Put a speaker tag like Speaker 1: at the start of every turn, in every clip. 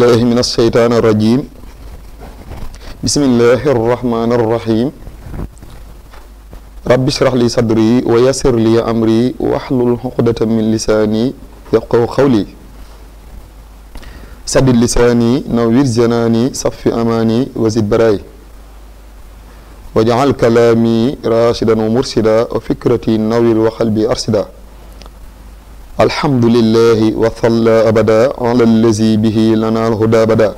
Speaker 1: billahi min alsheytaan arrajim bismillahi arrahmani arrahim rabbi shrah li sadri wa yassir li amri wahlul uqdatan min lisaani yafqahu qawli saddid lisaani nawwir janaani saffi amaani wasid baraay waj'al kalaami rashidan wa mursida wa fikrati nawwir wa qalbi arsida alhamdulillahi wa salla abada ala allazi bihi lana alhuda abada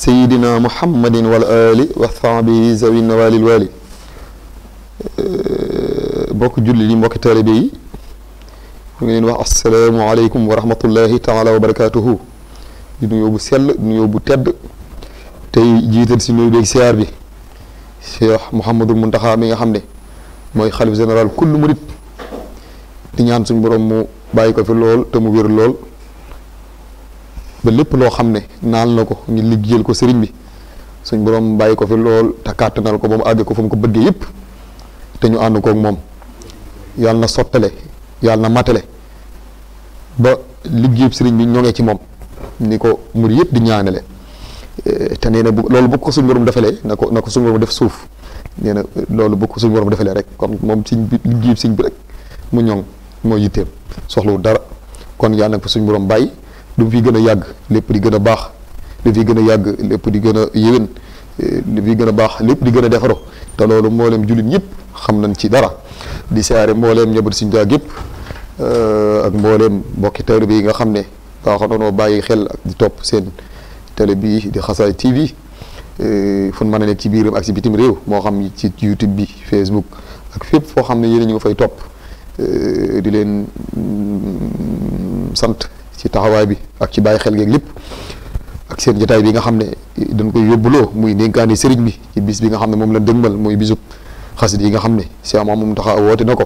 Speaker 1: sayidina muhammadin wal ali wa sahbihi zawin walil wali mbokk julli li mbokk taalibe yi mu ngi leen wax assalaamu aleykum wa rahmatullahi taala wa barakatuhu di nuyoo bu sell di nuyoo bu tedd tey jiital si nuyu beeg siyaar bi cheikh mouhamadul muntaxa mi nga xam ne mooy xalif général kull murit di ñaan suñ boroom mu bàyyi ko fi lool te mu wér lool ba lépp loo xam ne naal na ko ngi liggéeyal ko sëriñ bi suñu borom bàyyi ko fi lool te kàttanal ko ba mu àgg ko fa ko bëggee yëpp te ñu ànd koog moom yàlla na sottale yàlla na matale ba liggéeyub sëriñ bi ñoŋee ci moom ni ko mur yëpp di ñaanale eh, te nee na bu loolu bu ko suñu borom defalee na ko na ko def suuf nee loolu bu ko suñu defalee rek kon moom siñ bi liggéeyub siñ bi rek mu ñoŋ. mooy yitteem soxlawul dara kon yàlla na ko suñu borom bàyyi lu fi gën a yàgg lépp di gën a baax lu fi gën a yàgg lépp di gën a yéwén lu fi gën a baax lépp di gën a defaroo te loolu mbooleem jullit ñëpp xam nañ ci dara di siyaare mbooleem ñëbbat suñ daa gépp euh, ak mbooleem mbokki taalibe yi nga xam ne baaxoo noonu bàyyi xel ak di topp seen télé bii di Xasaay TV euh, fu mën a nekk ci biiram ak ci bitim réew moo xam ci YouTube bi Facebook ak fépp foo xam ne yéen ñu fay topp Euh, di leen mm, sant ci taxawaay bi ak ci bàyyi xel geeg lépp ak seen jotaay bi nga xam ne dañ koy yóbbuloo muy dénkaane sëriñ bi ci bis bi nga xam ne moom la dëgmal muy bisub xasit yi nga xam ne si ama moom taxa woote na ko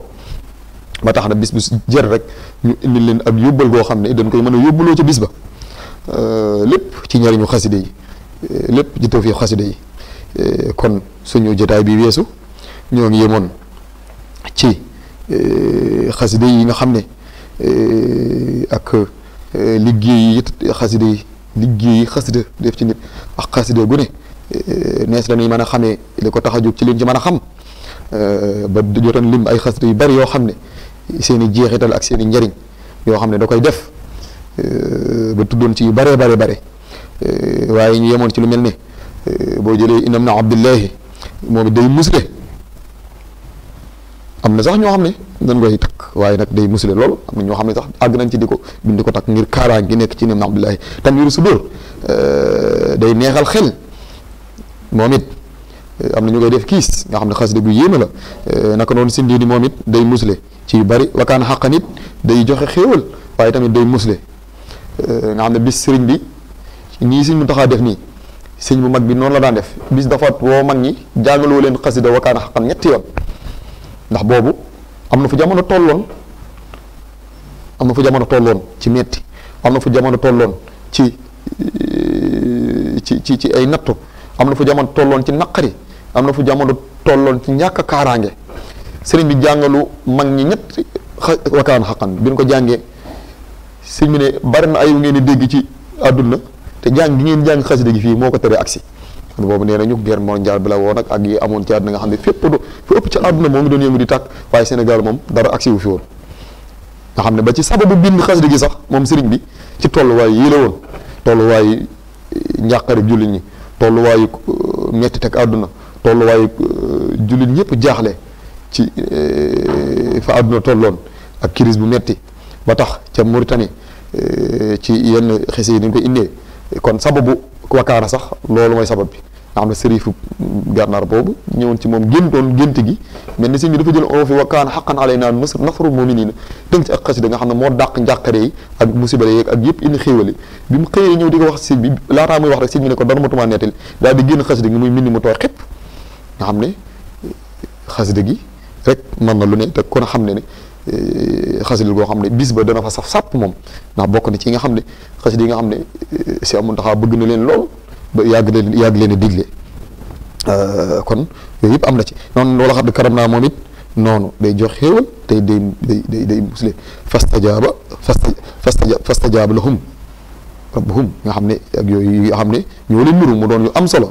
Speaker 1: ba tax na bis bu jër rek ñu indil leen ab yóbbal goo xam ne dañ koy mën a yóbbuloo ca bis ba euh, lépp ci njariñu xaside yi euh, lépp ci tawfiix xaside yi kon suñu jataay bi weesu ñoo ngi yemoon Euh, xasida yi nga xam ne euh, ak euh, liggéey yi xasida yi liggéey yi xasida def ci nit ak xasida gu ne nees la ñuy mën a xamee li ko tax a jóg ci liñ ci mën a xam ba du jotoon lim ay xasida yu bari yoo xam ne seen i jeexital ak seen i njariñ yoo xam ne da koy def ba tuddoon ci yu bare bare bare waaye ñu yemoon ci lu mel ne boo jëlee inam na abdillahi moom it day musle am na sax ñoo xam ne dañ koy takk waaye nag day musule lool am na ñoo xam ne sax àgg nañ ci di ko bindi ko takk ngir kaaraan gi nekk ci ne Abdullahi tanwiiru sudur euh, day neexal xel moom it euh, am na ñu koy def kiis nga xam ne xasida gu yéeme la euh, naka noonu si ndiini moom it day musle ci yu bari wakaan xaqan it day joxe xéewal waaye tamit day musle nga xam ne bis sëriñ bi nii sëriñ mu taxaa def nii sëriñ bu mag bi noonu la daan def bis dafa woo mag ñi jàngaloo leen xasida wakaan xaqan ñetti yoon ndax boobu am na fu jamono tolloon am na fu jamono tolloon ci metti am na fu jamono tolloon ci ci ci ci ay nattu am na fu jamono tolloon ci naqari am na fu jamono tolloon ci ñàkk kaaraange sëriñ bi jàngalu mag ñi ñett wakaan xaqan bi ñu ko jàngee sëriñ bi ne bari na ay ngeen di dégg ci àdduna te jàng gi ngeen jàng xasida fii moo ko tere agsi boobu nee nañu guerre mondiale bi la woon ak ak yi amoon ci àdduna nga xam ne fépp du fi ëpp ci àdduna moom doon yëngu di tàkk waaye Sénégal moom dara agsi wu fi woon nga xam ne ba ci sababu bind xasida gi sax moom sëriñ bi ci tolluwaay yii la woon tolluwaay eh, njàqare jullit ñi tolluwaayu eh, metti teg àdduna tolluwaayu eh, jullit ñëpp jaaxle ci fa àdduna tolloon ak kiris bu metti ba tax ca Mauritanie ci yenn xese yi dañ koy indee kon sababu wakaana sax loolu mooy sabab bi nga xam ne sërifu gànnaar boobu ñëwoon ci moom géntoon gént gi mel ni sëñ bi dafa jël on fi wa kaan xaqan alay naan nas nafaru muminina tënk ci ak xasida nga xam ne moo ak mu xëyee ñëw di ko wax sëñ bi laataa muy wax rek sëñ bi xasida nga xam ne xasida gi rek mën na lu ne te kon xam ne ne eh, xasida goo xam ne bis ba dana fa saf sàpp moom ndax bokk na ci nga xam ne xasida yi nga xam ne eh, si amun taxaa bëgg na leen lool ba yàgg leen yàgg leen digle euh, kon yooyu yëpp am na ci noonu wala xam ne moom noonu day jox xéewal tey day day day day musle fastajaaba fasta fastajaaba lahum rabbuhum nga xam ne ak yooyu nga xam ne ñoo leen nuru mu doon yu am solo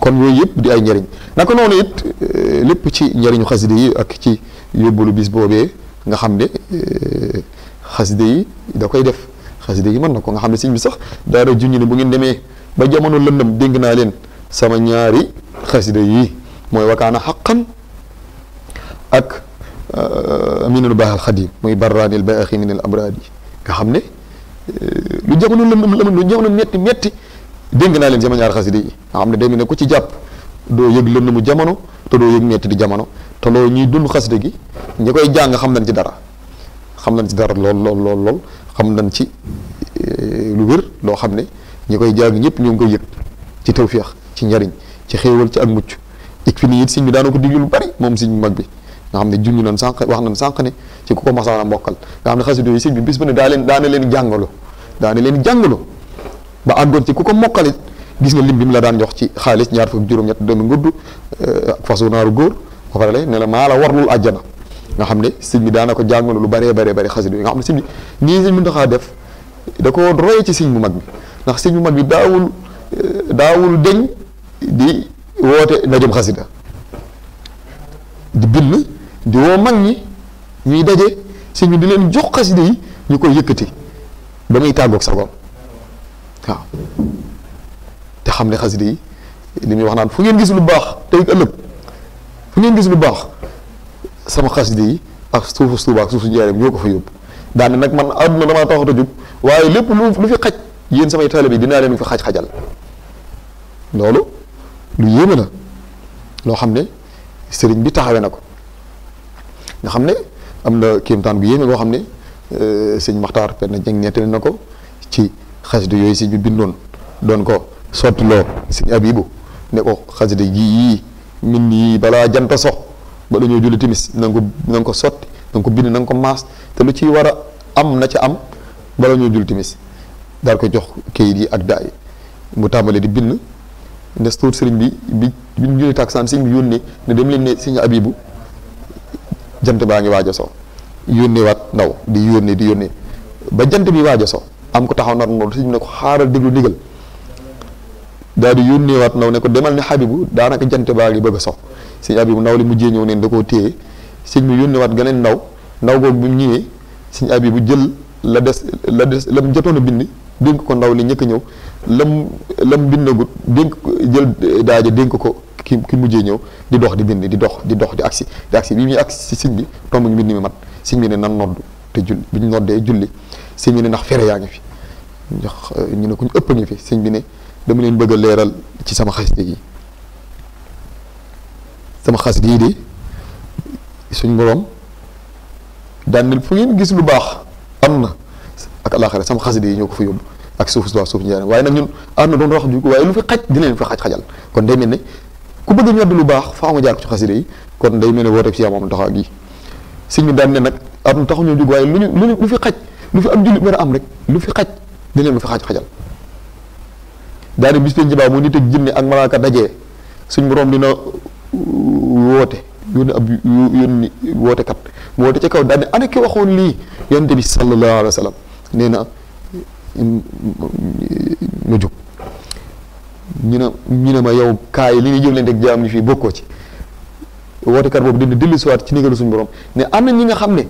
Speaker 1: kon yooyu yëpp di ay njëriñ naka noonu it euh, lépp ci njëriñu xaside yi ak ci yóbbalu bis boobee nga xam ne euh, xaside yi da koy def xasida yi mën na ko nga xam ne sëñ bi sax daara junñi ne bu ngeen demee ba jamono lëndëm dénk naa leen sama ñaari xasida yi mooy wakaana xaqan ak euh, minul baaxal xadim muy barraanil baaxi minal abraad yi nga xam ne euh, lu jamono lëndëm lëndëm lu jamono metti metti dénk naa leen sama ñaari xasida yi nga xam ne day mel ne ku ci jàpp doo yëg lëndëmu jamono te doo yëg metti di jamono te loolu ñuy dund xasida gi ñi koy jàng xam nañ ci dara xam nañ ci dara lool lool lool lool am nañ ci eh, lu wér loo xam ne ñi koy jàng ñëpp ñoo ngi koy yëg ci tawféex ci njariñ ci xéewal ci ak mucc ik fi nii it sëñ bi daana ko diglu lu bari moom sëñ mag bi nga xam ne junj nañ sànq wax nañ sànq ne ci ku ko masaana mbokkal nga xam ne xasida yi sëñ bi bis ba ne daa leen daana leen jàngaloo daana leen jàngaloo ba àggoon ci ku ko mokkalit gis nga lim bi mu la daan jox ci xaalis ñaar fukk juróom-ñett doomi ngudd eh, ak fasu naaru góor ba pare ne la maa la warlul àjjana nga xam ne sëñ bi daana ko jàngoon lu bëree bëree bëri xasida yi nga xam ne sëñ bi nii sëñ Muntaxa def da ko roye ci sëñ bu mag bi ndax sëñ mag bi daawul eh, daawul deñ di woote ndajum xasida di bind di woo ñi ñuy daje sëñ bi di leen jox xasida yi ñu koy yëkkati ba muy tàggoog sagoom te xam ne xasida yi li muy wax naan fu ngeen gis lu baax tey ëllëg fu ngeen gis lu baax sama xasida yi ak suufu Tuubaa ak suufu Njaaréem ñoo ko fa yóbbu daane nag man àdduna damaa taxata jub waaye lépp lu lu fi xaj yéen samay taalibe bi dinaa leen fi xaj-xajal loolu lu yéeme la loo xam ne sëriñ bi taxawee na ko nga xam ne am na kéemtaan bu yéeme boo xam ne euh, sëñ Maxtaar Penda Jeng nettali na ko ci xasida yooyu si ñu bindoon doon ko sottiloo sëñ Abibu ne ko xasida yii yii min yii balaa janta sox ba dañoo julli timis na ko na nga ko sotti na nga ko bind na ko maas te lu ci war a am na ca am bala ñoo julli timis daal koy jox kayit yi ak daay mu tàmbalee di bind ne tuut sëriñ bi bi bi ñu julli taksaan sëriñ dem leen ne sëriñ Abibu jant baa ngi waaj a so yónnee waat ndaw di yónnee di yónnee ba jant bi waaj a so am ko taxaw nar noonu sëriñ ne ko xaaral déglu ndigal daal di yónnee waat ndaw ne ko demal ne Habibu daanaka jant baa ngi bëgg a so sëñ Abibu ndaw li mujjee ñëw neen da koo téye sëñ bi yónnewaat geneen ndaw ndaw boobu bu ñëwee sëñ Abibu jël la des la des lam jotoon a bind dénk ko ndaw li ñëkk a ñëw lam lam bindagut dénk jël daaja dénk ko ki ki mujjee ñëw di dox di bind di dox di dox di agsi di agsi bi ñuy agsi si sëñ bi tomb ñu mbind mi mat sëñ bi ne nan nodd te julli bi ñu noddee julli sëñ bi ne ndax fere yaa ngi fi ndax ñu ne ku ñu ëpp ñu fi sëñ bi ne dama leen bëgg a leeral ci sama xasida yi sama xas yii di suñ borom daanil fu ngeen gis lu baax am na ak àlaxare sama xas yi ñoo ko fa yóbbu ak suuf suuf suuf njëriñ waaye nag ñun am na doon wax ju waaye lu fi xaj dina leen fi xaj xajal kon day ku bëgg ñodd lu baax faaw nga ci xasida yi kon day mel ne woote ci yamaam taxaw gi sëñ nag am taxu ñoo lu ñu lu fi xaj lu fi am jullit mën am rek lu fi xaj dina leen fi xaj xajal daane bis leen baax mu nit ak jinne ak malaaka dajee suñ borom dina woote yónni ab yónni woote kat mu woote ci kaw daal ne ana waxoon lii yonent bi sallallahu alayhi wa sallam nee na ma jóg ñu ne ñu ne yow kaay li nga jëflante ak jaam ñi fii bokkoo ci wootekat boobu dina dellu siwaat ci ndigalu suñ borom ne am na ñi nga xam ne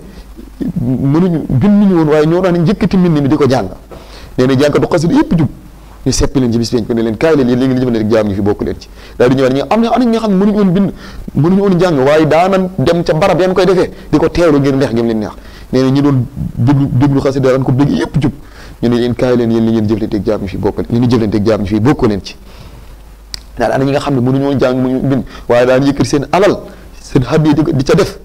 Speaker 1: mënuñu binduñu woon waaye ñoo daan njëkkati mbind mi di ko jàng nee na jàngkatu xasida yëpp jub ñu seppi leen ci bis ko ne leen kaay leen yéen léegi li jëfandikoo ak jaam ñu fi bokk leen ci daal di ñëwaat ñu am na am na ñi nga xam ne mënuñu woon bind mënuñu woon jàng waaye daana dem ca barab yan koy defee di ko teewlu ngeen neex ngeen leen neex nee na ñi doon déglu déglu xasida daan ko dégg yëpp jub ñu ne leen kaay leen yéen li ngeen jëflante ak jaam ñu fi bokk li ngeen jëflante ak jaam ñu fi bokk leen ci daal ana ñi nga xam ne mënuñu woon jàng mënuñu bind waaye daan yëkkati seen alal seen xaddi di ca def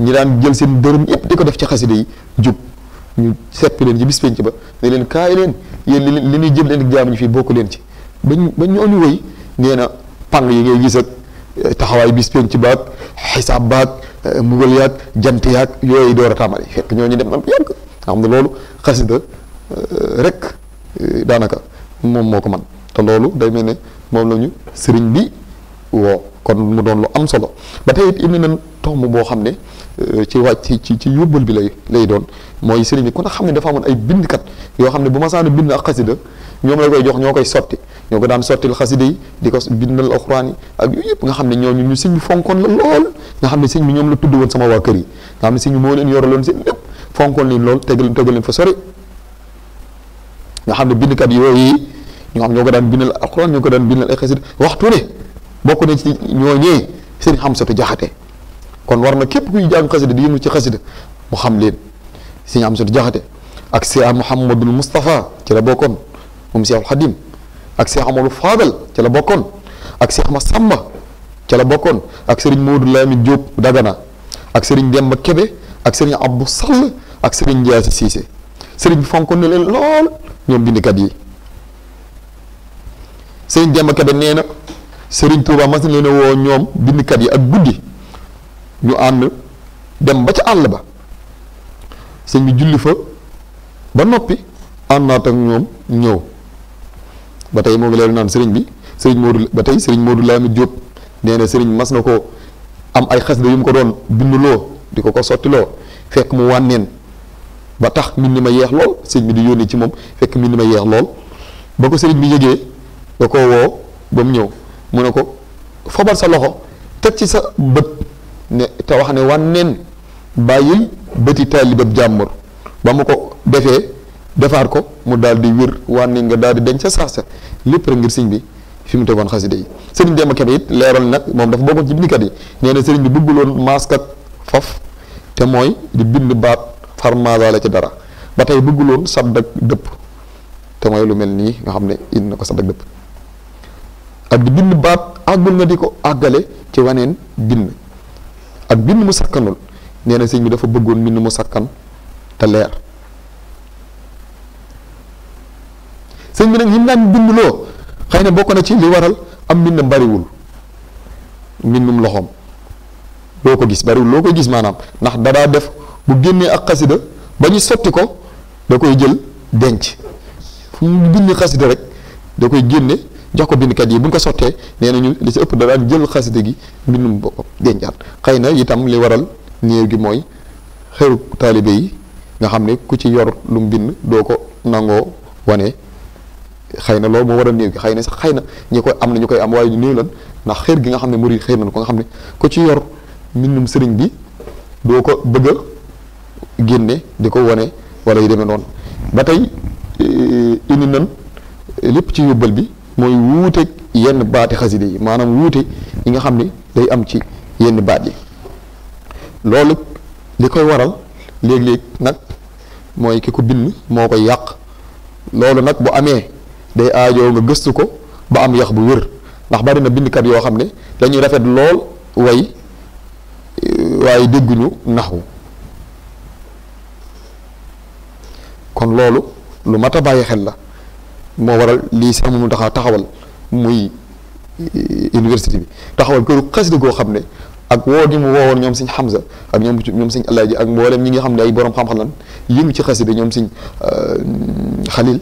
Speaker 1: ñi daan jël seen dërëm yëpp di ko def ci xasida yi jub ñu sepp leen ci bis penc ba ne leen kaay leen yéen li li ñuy jël leen ak jaam ñu fii bokk leen ci bañ bañ ñu andi woy nee na pang yi ngay gis ak eh, taxawaay bis penc baag xisaab baag eh, mbugal yaag jant yaag yooyu door a tàmbali fekk ñooñu dem am yàgg nga xam ne loolu xasida eh, rek daanaka moom moo ko man te loolu day mel ne moom la sëriñ bi woo kon mu doon lu am solo ba tey it indi nañ tomb boo xam ne Euh, ci wàcc ci ci yóbbal bi lay lay doon mooy sëriñ bi ku ne xam ne dafa amoon ay bindkat yoo xam ne bu ma saan bind ak xasida ñoom la koy jox ñoo koy sotti ñoo ko daan sottil xasida yi di ko bindal alxuraan yi ak yooyu ne ñooñu ñu sëñ bi fonkoon la nga xam ne sëñ ñoom la tudd woon sama waa kër yi nga leen yoraloon seen lépp fonkoon leen lool tegal tegal leen fa sori xam ne bindkat yooyu ñoo xam ñoo ko daan bindal alxuraan ñoo ko daan bindal ay xasida waxtu ne bokk na ci ñoo ñee sëriñ xam sotu jaxate kon war na képp kuy jàng xasida di yëngu ci xasida mu xam leen sëñ am Jaxate ak Seex Muhammadul Mustafa ci la bokkoon moom Seexul Xadim ak Seex Amadu Faadal ci la bokkoon ak Seex Masamba ca la bokkoon ak sëriñ Moodu Lamin Jóob Dagana ak sëriñ Demba Kebe ak sëriñ Abdu Sall ak sëriñ Njaay Siise sëriñ bi fonkoon na leen lool ñoom bindkat yi sëriñ Demba Kebe nee na sëriñ Tuubaa mas na leen woo ñoom bindkat yi ak guddi ñu ànd dem ba ca àll ba sëñ bi julli fa ba noppi àndaat ak ñoom ñëw ba tey moo ngi leen naan sëriñ bi sëriñ Modou ba tey sëriñ Modou Lamine Diop nee na sëriñ mas na ko am ay xasida yu mu ko doon binduloo di ko ko sottiloo fekk mu wànneen ba tax mbind ma yeex lool sëriñ bi di yónnee ci moom fekk mbind ma yeex lool ba ko sëriñ bi yëgee da ko woo ba mu ñëw mu ne ko fabar sa loxo teg ci sa bët ne te wax ne wan neen bàyyil bëti taalibab jàmbur ba mu ko defee defaat ko mu dal di wir wan nga daal di deñ sa sax sa lépp rek ngir sëñ bi fi mu tegoon xasida yi sëriñ Demba Kebe it leeral nag moom dafa bokkoon ci bindkat yi nee na sëriñ bi bëgguloon masque ak faf te mooy di bind baat farmaala ci dara ba tey bëgguloon sàdd ak dëpp te mooy lu mel nii nga xam ne indi na ko sàdd ak dëpp ak di bind baat àggul nga di ko àggale ci waneen bind ak mbind mu sakkanul nee na sëñ bi dafa bëggoon mbind mu sakkan te leer sëñ bi nag ñi mu daan bindloo xëy na bokk na ci li waral am mbindam bariwul mbindum loxoom loo ko gis bariwul loo ko gis maanaam ndax dadaa def bu génnee ak xasida ba ñu sotti ko da koy jël denc fu mu bind xasida rek da koy génne jox ko bindkat yi bu ñu ko sottee nee nañu li si ëpp da daan jël xasida gi mbindum boppam dencaat xëy na itam li waral néew gi mooy xëru taalibe yi nga xam ne ku ci yor lu bind doo ko nangoo wane xëy na moo waral néew gi xëy na sax xëy na ñi koy am na ñu koy am waaye ñu néew lan ndax gi nga xam ne murid xër nañ ko nga xam ne ku ci yor mbindum sëriñ bi doo ko bëgg a génne di ko wane wala yu demee noonu ba tey eh, indi nan lépp ci yóbbal bi mooy wuuteeg yenn baati xasida yi maanaam wuute yi nga xam ne day am ci yenn baat yi loolu li koy waral léeg-léeg nag mooy ki ko bind moo koy yàq loolu nag bu amee day aajoo nga gëstu ko ba am yax bu wér ndax bari na bindkat yoo xam ne dañuy rafet lool way waaye dégguñu naxu kon loolu lu mat a bàyyi xel la moo waral lii sax mu taxaw taxawal muy eh, université bi taxawal këru xasida goo xam ne ak woo gi mu woowoon ñoom sëñ Hamza ak ñoom ñoom sëñ Alaaji ak mboolem ñi nga xam ne ay borom xam-xam lan yëngu ci xasida ñoom sëñ euh, Xalil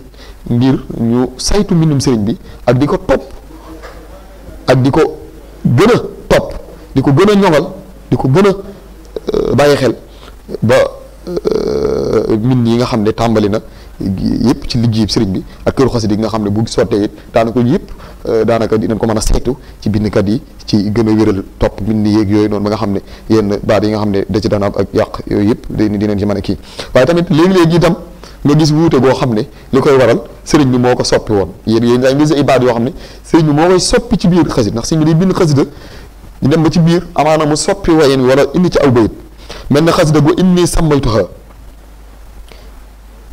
Speaker 1: ngir ñu saytu mbindum sëriñ bi ak di ko topp ak di ko gën a topp di ko gën a ñoŋal di ko gën a euh, bàyyi xel ba euh, mbind yi nga xam ne tàmbali na yëpp ci liggéey sëriñ bi ak këru xasida yi nga xam ne bu sottee it daanaka yëpp euh, dinañ ko mën a saytu ci kat yi ci gën a wéral topp mbind yéeg yooyu noonu ba nga xam ne yenn baat yi nga xam ne da ci daan am ak yàq yooyu yëpp day dinañ a kii waaye tamit léegi-léegi itam nga gis wuute goo xam ne li koy waral sëriñ bi moo ko soppi woon yéen yéen daa gis ay yoo xam ne sëriñ moo koy soppi ci biir xasida ndax sëriñ bi day bind xasida ñu dem ba ci biir amaana mu soppi wayen wala indi ci aw bayit mel na xasida indi inni sammaytuha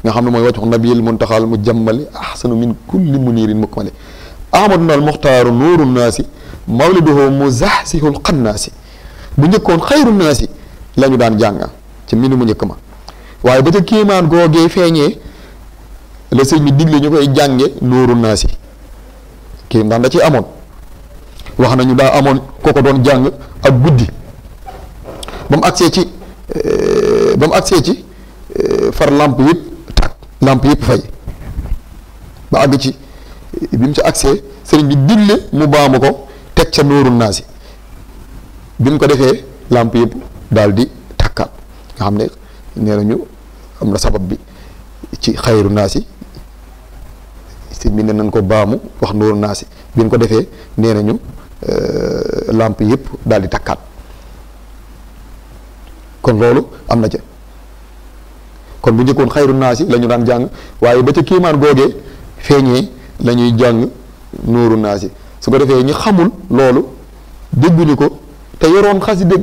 Speaker 1: nga xam ne mooy wajhu nabil muntaxal mu jàmmali ahsanu min kulli munirin mukmali ahmaduna al muxtaaru nuuru naasi mawliduhu muzaxsihul xannaasi bu njëkkoon xayru naasi la ñu daan jàng ci mbind mu njëkk ma waaye ba ca kéemaan googee feeñee la sëñ bi digle ñu koy jànge nuuru naasi kii ndax da ci amoon wax nañu daa amoon ko doon jàng ak guddi ba mu agsee ci eh, eh, far làmp yit làmp yëpp fay ba àgg ci bi mu ci agsee sëriñ bi digle mu baamu ko teg ca nooru naa si bi mu ko defee làmp yëpp daal di takkaat nga xam ne nee nañu am na sabab bi ci xayru naa si sëriñ bi ne nañ ko baamu wax nooru naa si bi mu ko defee nee nañu euh, làmp yëpp daal di takkaat kon loolu am na ca kon bu njëkkoon xayru naasi la ñu daan jàng waaye ba ca kiimaan googee feeñee la ñuy jàng nuuru naasi su ko defee ñi xamul loolu dégguñu ko te yoroon xasida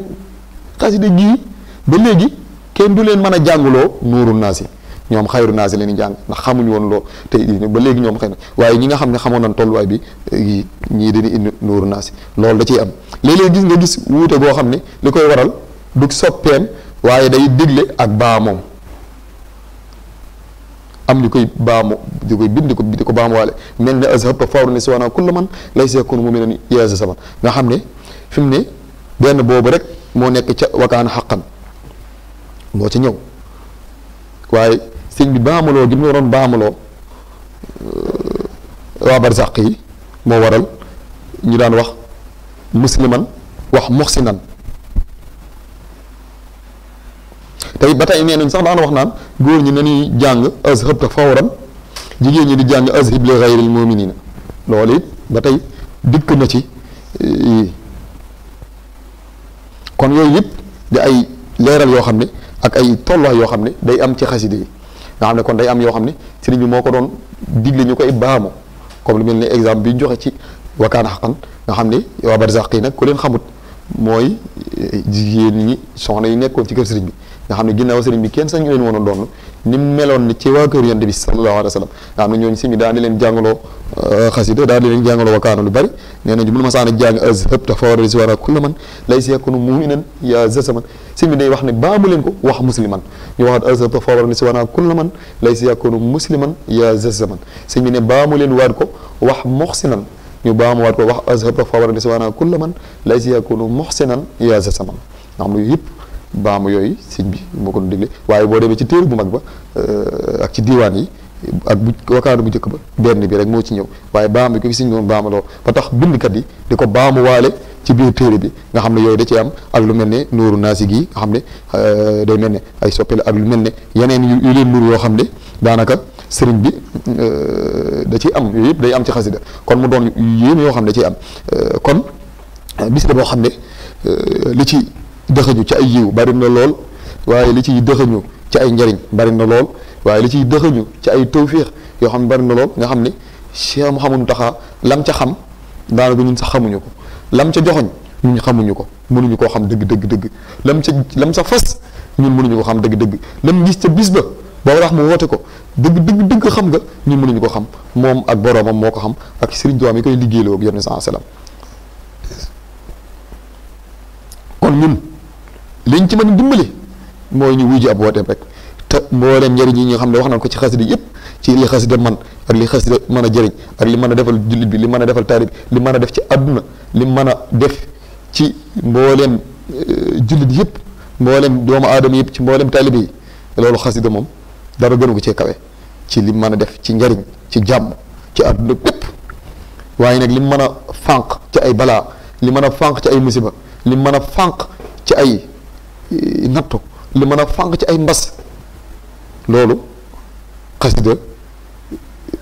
Speaker 1: xasida gii ba léegi kenn du leen mën a jàngloo nuuru naasi ñoom xayru naasi la ñuy jàng ndax xamuñu woon loo te ba léegi ñoom xëy na waaye ñi nga xam ne xamoon nañ tolluwaay bi eh, ñii dañuy indi nuuru naasi loolu da ciy am léeg gis nga gis wuute goo xam ne li koy waral du soppeem waaye day digle ak baa am ñu koy baamu di koy bind di ko di ko baamuwaale mel ne azhabta fawran nisyaana kulla man lay laysa yakunu mu'minan yaza saman nga xam ne fi mu ne benn boobu rek moo nekk ca wakaana xaqan moo ca ñëw waaye sëñ bi baamuloo gi mu waroon baamuloo euh, waa barzaq yi moo waral ñu daan wax musliman wax muxsinan tey ba tey nee nañ sax daana wax naan góor ñi nañuy jàng azhab ta fawran jigéen ñi di jàng azhib li ghayril muminina loolu it ba tey dikk na ci eh, kon yooyu yëpp di ay leeral yoo xam ne ak ay tolluwaay yoo xam ne day am ci xaside yi nga xam ne kon day am yoo xam ne sëriñ bi moo ko doon digle ñu koy baamu comme lu mel ni exemple bi joxe ci wakaan xaqan nga xam ne waa barzaq yi nag ku leen xamut mooy eh, jigéen ñi soxna yi nekkoon ci kër sëriñ bi nga xam ne ginnaaw sëriñ bi kenn sañu leen woon a doon ni mu meloon ni ci waa kër yonent bi sallallahu alayhi wa sallam nga xam ne ñooñu si mi daan di leen jàngaloo euh, xasida daan di leen jàngaloo wakaana lu bari nee nañu bu ma saan a jàng az hëb si war a kulla man lay si yakunu muminan ya zasaman si mi day wax ne baamu leen ko wax musliman ñu si war a kulla man lay baamu waat ko wax moxsinan ñu baamuwaat ko wax az hëb tax fawara si war a kulla man lay si yakunu moxsinan ya zasaman nga yëpp baamu yooyu sëñ bi moo ko doon digle waaye boo demee ci téere bu mag ba euh, ak ci diwaan yi ak bu bu jëkk ba benn bi rek moo ci ñëw waaye baam bi ko fi sëñ bi moom baamaloo tax bindkat yi di ko baamu ci biir téere bi nga xam ne yooyu da ci am ak lu mel ne nooru naasi gi nga xam ne euh, day mel ne ay soppe la ak lu mel ne yeneen yu leen nur yoo xam ne daanaka sëriñ bi euh, da ci am yooyu yëpp day am ci xasida kon mu doon yéen yoo xam ne da ciy am kon bis boo xam ne li ci dëxëñu ci ay yiw bari na lool waaye li ciy dëxëñu ci ay njariñ bari na lool waaye li ciy dëxëñu ci ay tawfiix yoo xam ne bari na lool nga xam ne Cheikh Mouhamadou Taxa lam ca xam daanaka ñun sax xamuñu ko lam ca joxoñ ñun xamuñu ko mënuñu koo xam dëgg dëgg dëgg lam ca lam sa fas ñun mënuñu ko xam dëgg dëgg lam gis ca bis ba booba tax mu woote ko dëgg dëgg dëgg xam nga ñun mënuñu ko xam moom ak boroomam moo ko xam ak Sëriñ Tuubaa mi koy liggéeyloo ak Yonent bi sallallahu kon ñun liñ ci mën a dimbali ñu wuji ab wooteem rek te mboolem njëriñ yi ñu xam ne wax nañ ko ci xasida yëpp ci li xasida man ak li xasida mën a jëriñ ak li mën a defal jullit bi li mën a defal taari bi a def ci àdduna li mën a def ci mboolem jullit yëpp mboolem doomu aadama yëpp ci mboolem taalibe yi loolu xasida moom dara gënu ko cee kawe ci li mën a def ci njariñ ci jàmm ci àdduna bépp waaye nag li mën a fànq ci ay balaa li mën a fànq ci ay musiba li mën a fànq ci ay nattu lu mën a fànq ci ay mbas loolu xasida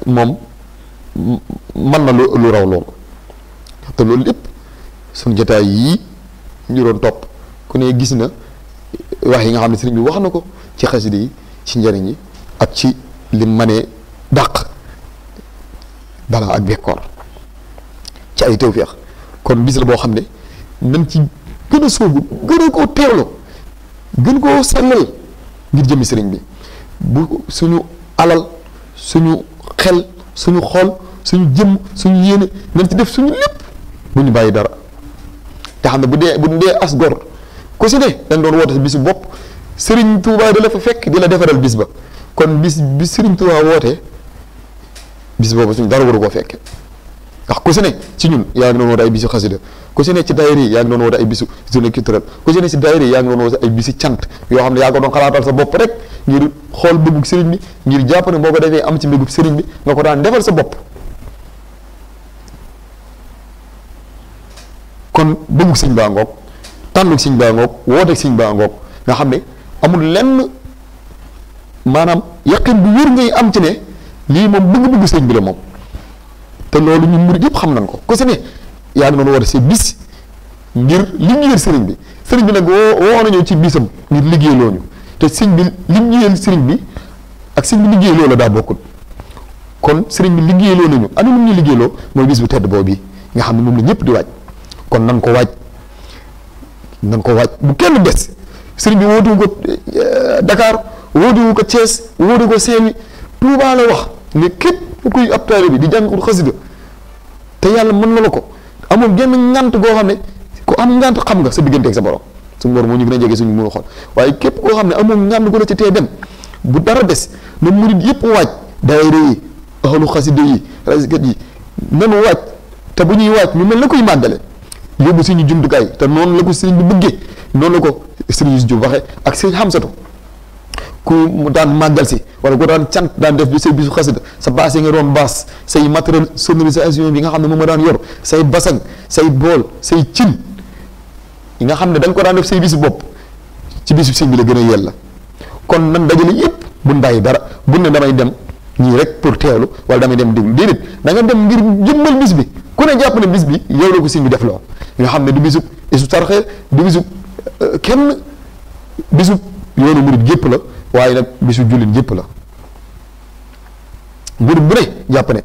Speaker 1: moom mën na lu lu raw loolu te loolu lépp suñ jotaay yii ñu doon topp ku ne gis na wax yi nga xam ne sëriñ bi wax na ko ci xasida yi ci njariñ yi ak ci li manee dàq balaa ak bekkoor ci ay tawféex kon bis la boo xam ne nañ ci gën a sóobu gën a koo teewloo gën koo sellal ngir jëmmi sëriñ bi bu suñu alal suñu xel suñu xol suñu jëm suñu yéene nañ ci def suñu lépp bu ñu bàyyi dara te xam ne bu dee bu dee as gor ku si ne dañ doon woote bisu bopp sëriñ Touba da la fa fekk di la defaral bis ba kon bis bi sëriñ Touba woote bis boobu suñu dara waru koo fekke ndax ku si ne si ñun ay bisu xasida ci daayira yi yaa ngi doon woote ay bisu journée culturelle ku si ne si daayira yi yaa ngi doon woote ay bisu ngir xool bëggug sëriñ bi ngir am bi nga ko daan defal sa kon bëggug sëñ baa ngoog tànnug sëñ baa ngoog wooteeg sëñ baa ngoog nga xam ne amul lenn maanaam yaqin bu wér ngay am ci ne lii moom bëgg-bëgg sëñ bi la moom te loolu ñun murid yëpp xam nañ ko ku si ne yaa ngi doon woote si bis ngir li ñu yël sëriñ bi sëriñ bi nag woo woo nañu ci bisam ngir liggéey looñu te sëriñ bi li ñu yël sëriñ bi ak sëriñ bi liggéey loo la daa bokkul kon sëriñ bi liggéey loo nañu ana lu ñu liggéey loo mooy bis bu tedd boobu bi nga xam ne moom la ñëpp di waaj kon nan ko waaj nan ko waaj bu kenn des sëriñ bi wootuwu ko eh, Dakar wootuwu ko Thiès wootuwu ko Saint-Louis Touba la wax ne képp ku kuy ab taalibe bi di jàng xasida te yàlla mën na la ko amul genn ngant goo xam ne ku am ngant xam nga sa diggante ak sa borom suñu borom moo ñu gën a jege suñu mën a xool waaye képp koo xam ne amul ngant gu la ci tee dem bu dara des na murid yëpp waaj daayira yi ahlu xasida yi raiskat yi nanu waaj te bu ñuy waaj ñu mel na koy màggale yóbbu suñu jumtukaay te noonu la ko sëriñ bi bëggee noonu la ko sëriñ Yusuf Jóob waxe ak sëriñ Xamsatu ku mu daan màggal si wala ku daan cant daan def bi say bisu xasida sa baas yi nga doon baas say matériel sonorisation bi nga xam ne moom nga daan say basang say bool say cin yi nga xam ne da ko daan def say bisu bopp ci bisu sëñ bi la gën a yella kon nan dajale yëpp bu bàyyi dara bu ne damay dem ñii rek pour teelu wala damay dem déglu déedéet da nga dem ngir jëmmal bis bi ku ne jàpp ne bis bi yow la def loo nga xam ne du bisu isu tarxee du bisu euh, kenn bisu yoonu murit gépp la waaye nag bisu jullit yëpp la nguur bu ne jàpp ne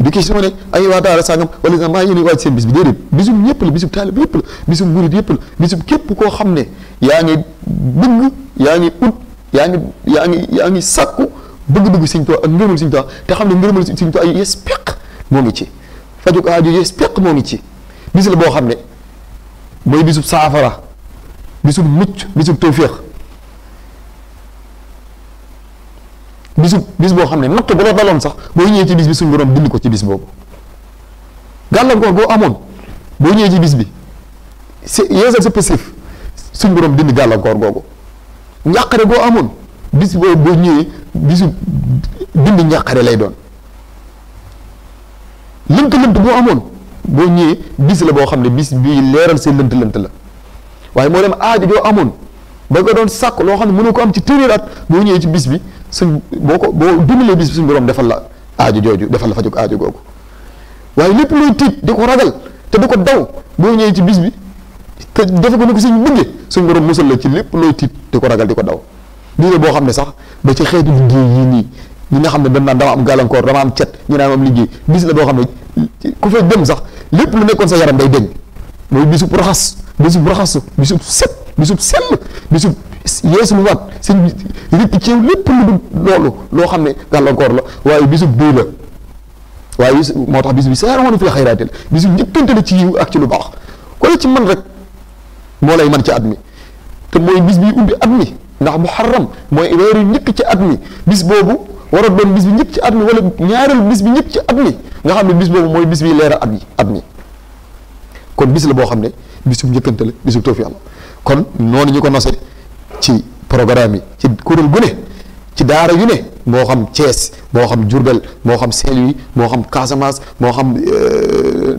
Speaker 1: du question ne ay waa daara sàngam wala sax maa yéene waaj seen bis bi déedéet bisum ñëpp la bisum taalib yëpp la bisum murit yëpp la bisum képp koo xam ne yaa ngi bëgg yaa ngi ut yaa ngi yaa ngi yaa ngi sàkku bëgg-bëgg Sëñ Tuubaa ak ngërëmal Sëñ te xam ne ngërëmal Sëñ Tuubaa ay yes peq moo ngi ci fajuk aajo yes peq moo ngi ci bis la boo xam ne mooy bisu saafara bisub mucc bisub tawféex bisu bis boo xam ne natt ba la daloon sax boo ñëwee ci bis bi suñu borom ko ci bis boo amoon boo ñëwee ci bis bi si yeesal sa passif suñu borom dindi gàllankoor googu njàqare boo amoon bis boobu boo ñëwee bisu dindi njàqare lay doon lënt-lënt boo amoon boo ñëwee bis la boo xam ne bis bii leeral seen lënt-lënt la waaye moo dem aajo joo amoon ba nga doon sàkk loo xam ne mënu ko am ci téeméer at boo ñëwee ci bis bi suñ boo ko boo dimbalee bis bi suñu borom defal la aaju jooju defal la fajuk aajo googu waaye lépp luy tiit di ko ragal te di ko daw boo ñëwee ci bis bi te defe ko ni ko suñ bëggee suñu borom musal la ci lépp looy tiit di ko ragal di ko daw lii boo xam ne sax ba ci xeetu liggéey yii nii ñi nga xam ne dañ naan dama am gàllankoor dama am cet ñu naan am liggéey bis la boo xam ne ku fay dem sax lépp lu nekkoon sa yaram day deñ mooy bisub raxas bisub raxasu bisub set bisub sell bisub yeesul waat sëñ bi rëpp ci lépp lu dul loolu loo xam ne gàllankoor la waaye bisu bii la waaye bis moo tax bis bi saaroona fi xayraatil bisu njëkkante la ci yiw ak ci lu baax ku ci man rek moo lay man ci at mi te mooy bis bi ubbi at mi ndax muharram mooy weeru njëkk ci at mi bis boobu war a doon bis bi njëkk ci at mi wala ñaareel bis bi njëkk ci at mi nga xam ne bis boobu mooy bis bi leeral at mi at mi kon bis la boo xam ne bisub njëkkante la bisub tawfiq la kon noonu ñu ko nosee ci programme yi ci kuréel gu ne ci daara yu ne moo xam Thiès moo xam Diourbel moo xam saint moo xam Casamance moo xam euh,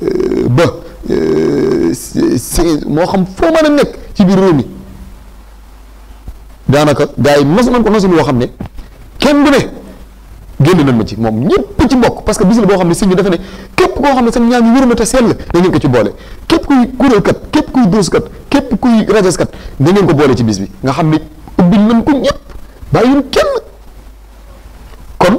Speaker 1: euh, ba euh, moo xam foo mën a nekk ci biir réew mi daanaka gars yi nos nañ ko nosin yoo xam ne kenn du génn nañ ma ci moom ñëpp ci bokk parce que bis la boo xam ne sëñ bi dafa ne koo xam ne seen ñaan yi wér na sell da ngeen ko ci boole képp kuy kuréelkat képp kuy dóoskat képp kuy rajaskat da ngeen ko boole ci bis bi nga xam ne ubbil nañ ko ñëpp bàyyiwul kenn kon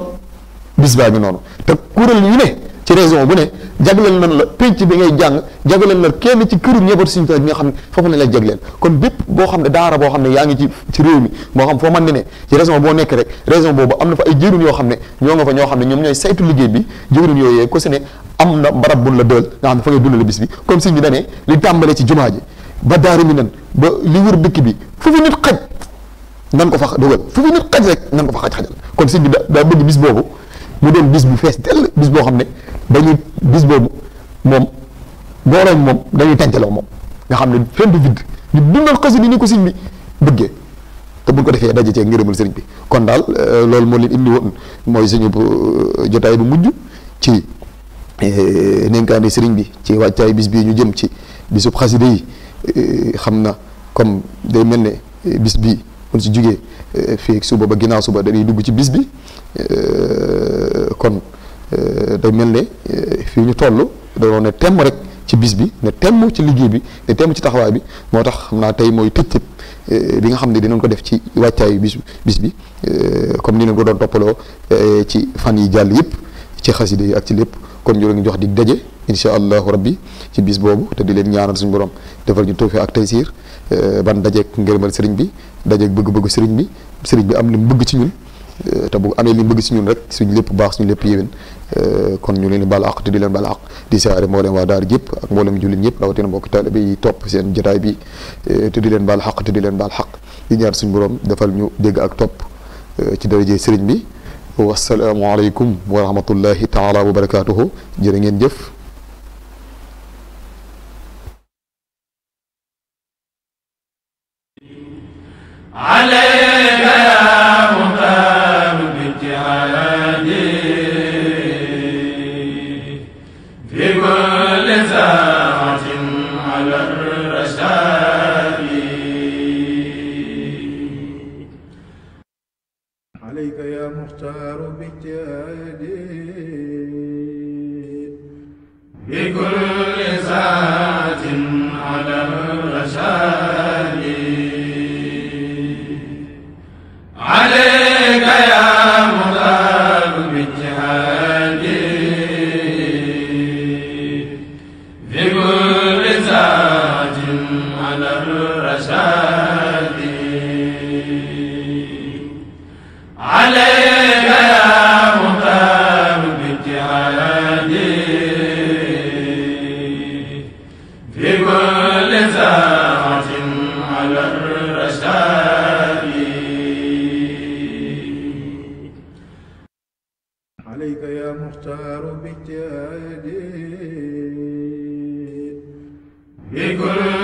Speaker 1: bis baa ngi noonu te kuréel yu ne ci raison bu ne jagleel nañ la penc bi ngay jàng jagleel na kenn ci këru ñëbbat Sëriñ Tuubaa bi nga xam ne foofu ne la jagleel kon bépp boo xam ne daara boo xam ne yaa ngi ci ci réew mi moo xam foo man ne ne ci raison boo nekk rek raison boobu am na fa ay jëwriñ yoo xam ne ñoo nga ñoom ñooy saytu liggéey bi jëwriñ yooyee ku si ne am na barab buñ la dël nga xam ne fa ngay dundale bis bi comme sëriñ bi dane li tàmbale ci jumaa ji ba daaru mi nan li wër dëkk bi fu fi nit xaj nan ko fa dugal fu fi nit xaj rek nan ko fa boobu mu doon bis bu fees dell bis boo xam ne dañuy bis boobu moom booroom moom dañuy tàncaloo moom nga xam ne fenn du vide ñu dundal xasida ni ko sëñ bi bëggee te buñ ko defee daje cee ngërëmal sëriñ bi kon daal euh, loolu moo leen mooy suñu euh, jotaay bu mujj ci euh, nenkaane sëriñ bi ci wàccaay bis bii ñu jëm ci bisub xasida yi xam na comme day mel ne bis bii buñ si jugee fii suba ba ginnaaw suba dañuy dugg ci bis bi Euh, kon euh, day mel ne euh, fii ñu toll dañoo ne temm rek ci bis bi ne temm ci liggéey bi ne temm ci taxawaay bi moo tax xam naa tey mooy tëj-tëj bi nga xam ne dinañ ko def ci wàccaayu bis bis bi comme ni leen ko doon toppaloo ci fan yi jàll yëpp ci xasida yi ak ci lépp kon ñu ngi jox di daje incha allahu rabbi ci bis boobu te di leen ñaanal suñu borom defal ñu tawfiq ak taysiir ban dajeek ngërëmal sëriñ bi dajeek bëgg bëgg sëriñ bi sëriñ bi am li mu bëgg ci ñun. Euh, te bu amee li mu bëgg si ñun rek suñu lépp baax suñu lépp yéwén euh, kon ñu leen di baal àq te di leen baal àq di saare mboolem waa daara yëpp ak mboolem jullit ñëpp rawatina mbokk taalibe yi topp seen jotaay bi euh, te di leen baal àq te di leen baal àq di suñu borom defal ñu dégg ak topp ci daraje sëriñ bi wasalaamualeykum wa rahmatullahi taala wa barakaatuhu jërë ngeen jëf.
Speaker 2: عليك يا مختار بالتالي المختار بالجاد بكل